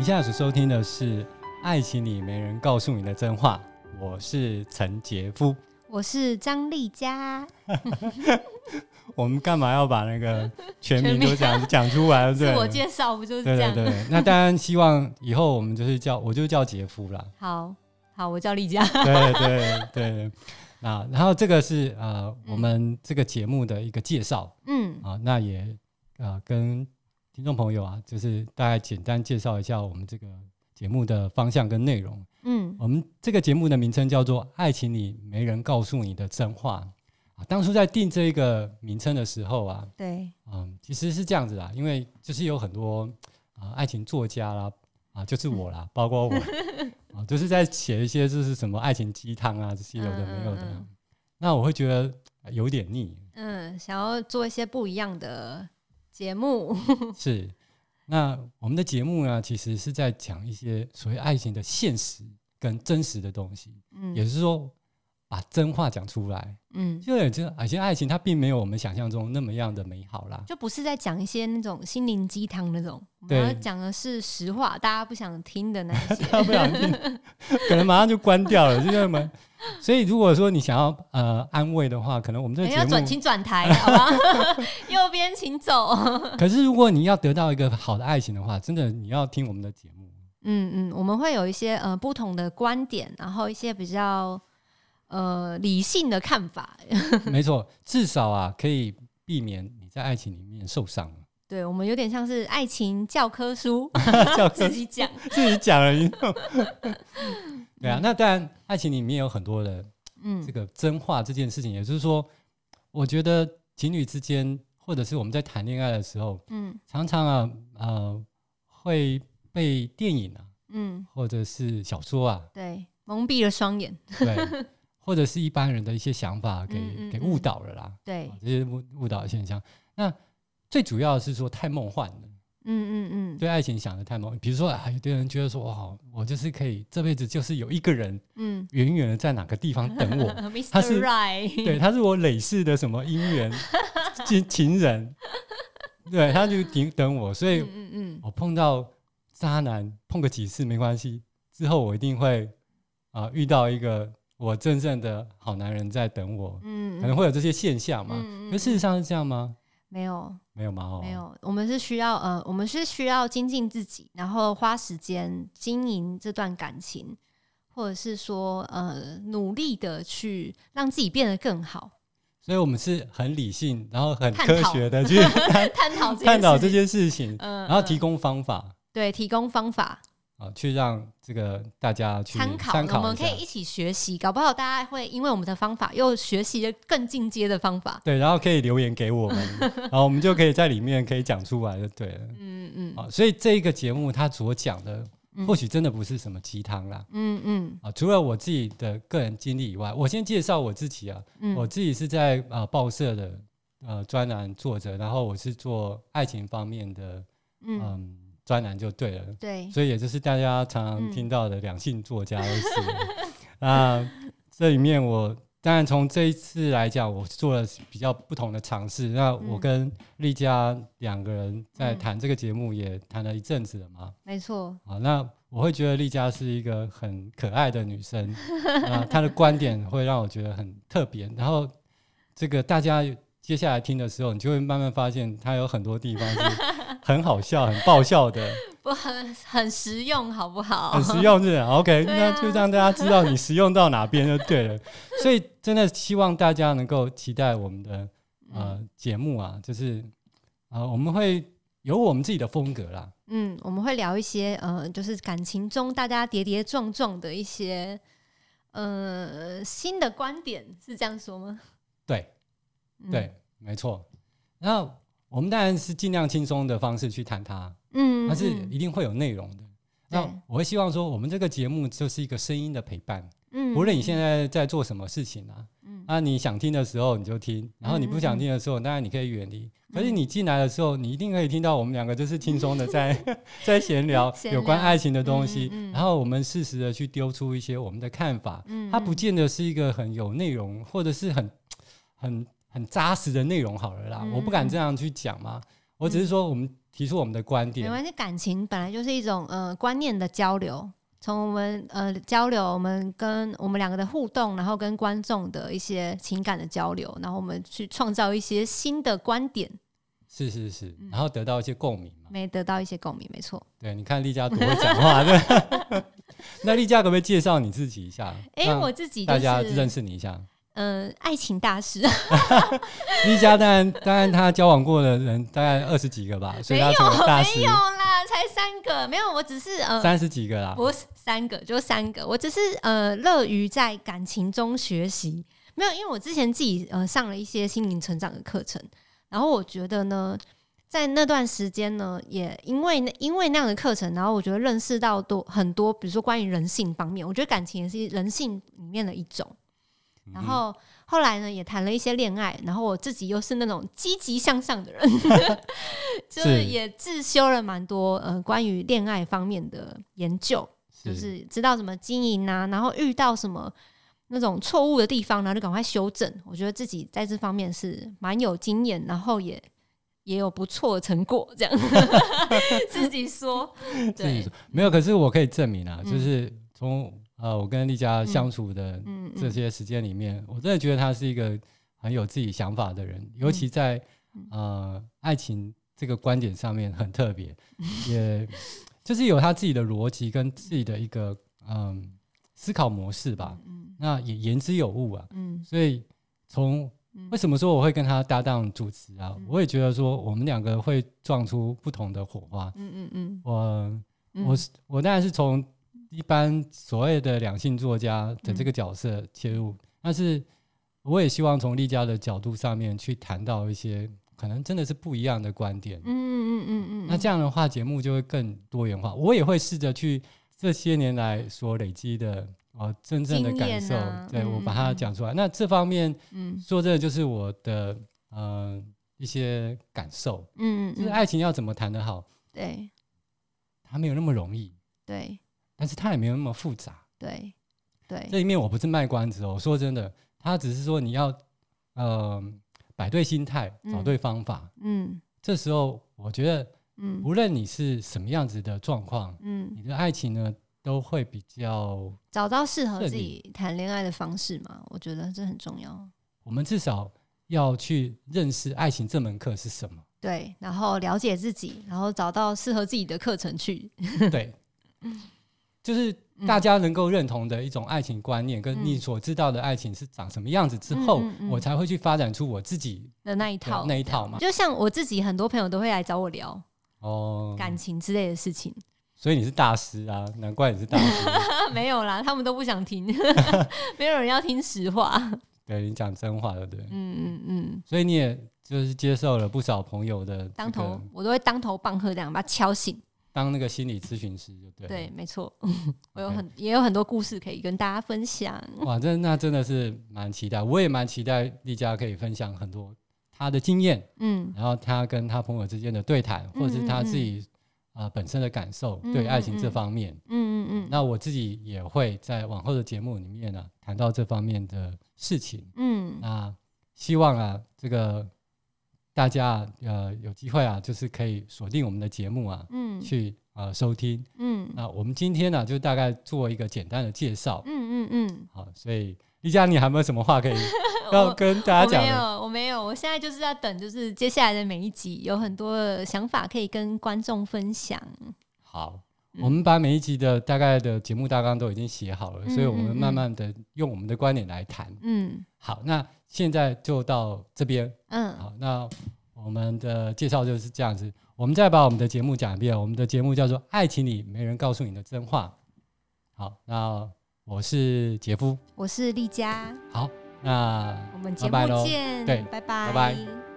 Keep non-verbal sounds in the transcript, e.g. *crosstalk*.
你現在所收聽的是《愛情裡沒人告訴你的真話》，我是陳傑夫，我是張莉家。 *laughs* *laughs* 我們幹嘛要把那個全名都講講出來？自 *laughs* 我介紹不就是這樣？對對對，那當然希望以後我們就是叫我就叫傑夫了。好，好，我叫莉家。 *laughs* 對對對，那然後這個是呃、嗯、我們這個節目的一個介紹。嗯，啊，那也啊、呃、跟。聽眾朋友啊，就是大概簡單介紹一下我們這個節目的方向跟內容。嗯，我們這個節目的名稱叫做《愛情裡沒人告訴你的真話》啊。當初在定這一個名稱的時候啊，對，嗯，其實是這樣子啦，因為就是有很多啊、呃，愛情作家啦，啊，就是我啦，嗯、包括我 *laughs* 啊，就是在寫一些就是什麼愛情雞湯啊，這些有的嗯嗯嗯沒有的，那我會覺得有點膩。嗯，想要做一些不一樣的。節目 *laughs* 是，那我們的節目呢，其實是在講一些所謂愛情的現實跟真實的東西，嗯、也是說。把、啊、真話講出來，嗯，就也就而且、啊、愛情它並沒有我們想象中那麼樣的美好啦，就不是在講一些那種心靈雞湯那種，對，我們要講的是實話，大家不想聽的那些， *laughs* 不想聽， *laughs* 可能馬上就關掉了，就因為我們。所以如果說你想要呃安慰的話，可能我們這節目要轉請轉台， *laughs* 好吧， *laughs* 右邊請走。可是如果你要得到一個好的愛情的話，真的你要聽我們的節目，嗯嗯，我們會有一些呃不同的觀點，然後一些比較。呃，理性的看法 *laughs* 沒錯，至少啊，可以避免你在愛情裡面受傷。對，我們有點像是愛情教科書， *laughs* 教科書，自己講自己講了一套。 *laughs* *laughs* 對啊，那當然，愛情裡面有很多的，這個真話這件事情、嗯，也就是說，我覺得情侶之間，或者是我們在談戀愛的時候，嗯，常常啊，呃，會被電影啊，嗯，或者是小說啊，對，蒙蔽了雙眼。對。 *laughs* 或者是一般人的一些想法給嗯嗯嗯給誤導了啦，對這些誤誤導的現象。那最主要是說太夢幻了，嗯嗯嗯，對愛情想的太夢幻，比如說，哎、啊，有的人覺得說，哦，我就是可以這輩子就是有一個人，嗯，遠遠的在哪個地方等我，嗯、 *laughs* 他是對，他是我累世的什麼姻緣情 *laughs* 情人，對，他就等等我，所以，嗯嗯，我碰到渣男碰個幾次沒關係，之後我一定會啊遇到一個。我真正的好男人在等我，嗯，可能會有這些現象嘛？嗯，那事實上是這樣嗎？嗯、沒有，沒有嘛，沒有。我們是需要呃，我們是需要精進自己，然後花時間經營這段感情，或者是說呃，努力的去讓自己變得更好。所以，我們是很理性，然後很科學的去探討探討這件事情，然後提供方法。嗯嗯、對，提供方法。啊，去讓這個大家去參考，我們可以一起學習，搞不好大家會因為我們的方法又學習了更進階的方法。對，然後可以留言給我們，然後我們就可以在裡面可以講出來，就對了。嗯嗯。啊，所以這一個節目它所講的，或許真的不是什麼雞湯啦。嗯嗯。啊，除了我自己的個人經歷以外，我先介紹我自己啊。我自己是在啊報社的呃專欄作者，然後我是做愛情方面的。嗯，嗯。嗯嗯嗯專欄就對了，對，所以也就是大家常常聽到的兩性作家的事，嗯。那、 *laughs* 啊、這裡面我，我當然從這一次來講，我做了比較不同的嘗試。那我跟麗佳兩個人在談這個節目，也談了一陣子了嘛。嗯嗯、沒錯。啊，那我會覺得麗佳是一個很可愛的女生 *laughs* 啊，她的觀點會讓我覺得很特別。然後，這個大家接下來聽的時候，你就會慢慢發現她有很多地方是。 *laughs* *laughs* 很好笑，很爆笑的，不很很實用，好不好？很實用，是的。OK，那就讓大家知道你實用到哪邊就對了。所以，真的希望大家能夠期待我們的呃節目啊，就是啊、呃，我們會有我們自己的風格啦。嗯，我們會聊一些呃，就是感情中大家跌跌撞撞的一些呃新的觀點，是這樣說嗎？對，對，沒錯。然後。嗯。我們當然是盡量輕鬆的方式去談它，嗯，但是一定會有內容的。嗯、那我會希望說，我們這個節目就是一個聲音的陪伴，嗯，無論你現在在做什麼事情啊，嗯，啊，你想聽的時候你就聽，嗯、然後你不想聽的時候，嗯、當然你可以遠離、嗯。可是你進來的時候，你一定可以聽到我們兩個就是輕鬆的在、嗯、在閒聊有關愛情的東西、嗯，然後我們適時的去丟出一些我們的看法，嗯，它不見得是一個很有內容或者是很很。很紮實的內容好了啦、嗯，我不敢這樣去講嘛，我只是說我們提出我們的觀點。嗯嗯、沒關係，感情本來就是一種呃觀念的交流，從我們呃交流，我們跟我們兩個的互動，然後跟觀眾的一些情感的交流，然後我們去創造一些新的觀點。是是是，嗯、然後得到一些共鳴嘛？沒得到一些共鳴，沒錯。對，你看莉家多會講話 *laughs* 對 *laughs* 那莉家可不可以介紹你自己一下？哎、欸，我自己大家認識你一下。欸嗯、呃，愛情大師，莉 *laughs* *laughs* 家當然，當然他交往過的人大概二十幾個吧， *laughs* 所以他大師沒有，沒有啦，才三個沒有，我只是呃三十幾個啦，不是三個，就三個，我只是呃樂於在感情中學習，沒有，因為我之前自己呃上了一些心靈成長的課程，然後我覺得呢，在那段時間呢，也因為因為那樣的課程，然後我覺得認識到多很多，比如說，關於人性方面，我覺得感情也是人性裡面的一種。然後後來呢，也談了一些戀愛。然後我自己又是那種積極向上的人， *laughs* 是 *laughs* 就是也自修了蠻多呃關於戀愛方面的研究，是就是知道怎麼經營啊。然後遇到什麼那種錯誤的地方、啊，然後就趕快修正。我覺得自己在這方面是蠻有經驗，然後也也有不錯的成果。這樣， *laughs* *laughs* 自己說，對自己說沒有。可是我可以證明啊，嗯、就是從。呃，我跟莉家相處的這些時間裡面，嗯嗯嗯，我真的覺得他是一個很有自己想法的人，嗯，尤其在、嗯、呃愛情這個觀點上面很特別，嗯，也就是有他自己的邏輯跟自己的一個嗯，嗯思考模式吧，嗯。那也言之有物啊，嗯。所以從為什麼說我會跟他搭檔主持啊？嗯，我也覺得說我們兩個會撞出不同的火花，啊。嗯嗯嗯、呃、嗯，我我是我當然是從。一般所謂的兩性作家的這個角色切入，嗯、但是我也希望從莉家的角度上面去談到一些可能真的是不一樣的觀點。嗯嗯嗯嗯，那這樣的話，節目就會更多元化。我也會試着去這些年來所累積的哦，真正的感受，啊、對、嗯、我把它講出來。嗯、那這方面，嗯，說這就是我的嗯、呃、一些感受。嗯嗯。就是愛情要怎麼談得好？對，它沒有那麼容易。對。但是它也沒有那麼複雜，對，對，這一面我不是賣關子哦，我說真的，他只是說你要，呃，擺對心態，嗯，找對方法，嗯，這時候我覺得，嗯，無論你是什麼樣子的狀況，嗯，你的愛情呢都會比較找到適合自己談戀愛的方式嘛，我覺得這很重要。我們至少要去認識愛情這門課是什麼？對，然後了解自己，然後找到適合自己的課程去， *laughs* 對。就是大家能夠認同的一種愛情觀念，跟你所知道的愛情是長什麼樣子之後，嗯嗯嗯、我才會去發展出我自己的那一套那一套嘛。就像我自己，很多朋友都會來找我聊哦感情之類的事情。所以你是大師啊，難怪你是大師。 *laughs* 沒有啦，他們都不想聽， *laughs* 沒有人要聽實話。 *laughs* 對你講真話對不對？嗯嗯嗯。所以你也就是接受了不少朋友的、這個、當頭，我都會當頭棒喝，這樣把他敲醒。當那個心理諮詢師，對不對？對，沒錯。我有很、okay. 也有很多故事可以跟大家分享。哇，這那真的是蠻期待，我也蠻期待莉家可以分享很多她的經驗，嗯，然後她跟她朋友之間的對談、嗯嗯嗯，或者是她自己啊、呃、本身的感受，對愛情這方面嗯嗯嗯，嗯嗯嗯。那我自己也會在往後的節目裡面呢、啊、談到這方面的事情，嗯，希望啊這個。大家呃有機會啊，就是可以鎖定我們的節目啊，嗯，去呃收聽，嗯，那我們今天呢、啊、就大概做一個簡單的介紹，嗯嗯嗯，好，所以莉家，你還沒有什麼話可以要 *laughs* 跟大家講？沒有，我沒有，我現在就是要等，就是接下來的每一集有很多的想法可以跟觀眾分享。好。嗯、我們把每一集的大概的節目大綱都已經寫好了、嗯嗯嗯，所以我們慢慢的用我們的觀點來談。嗯，好，那現在就到這邊。嗯，好，那我們的介紹就是這樣子。我們再把我們的節目講一遍。我們的節目叫做《愛情裡沒人告訴你的真話》。好，那我是傑夫，我是莉家。好，那我們節目拜拜見。對，拜拜，拜拜。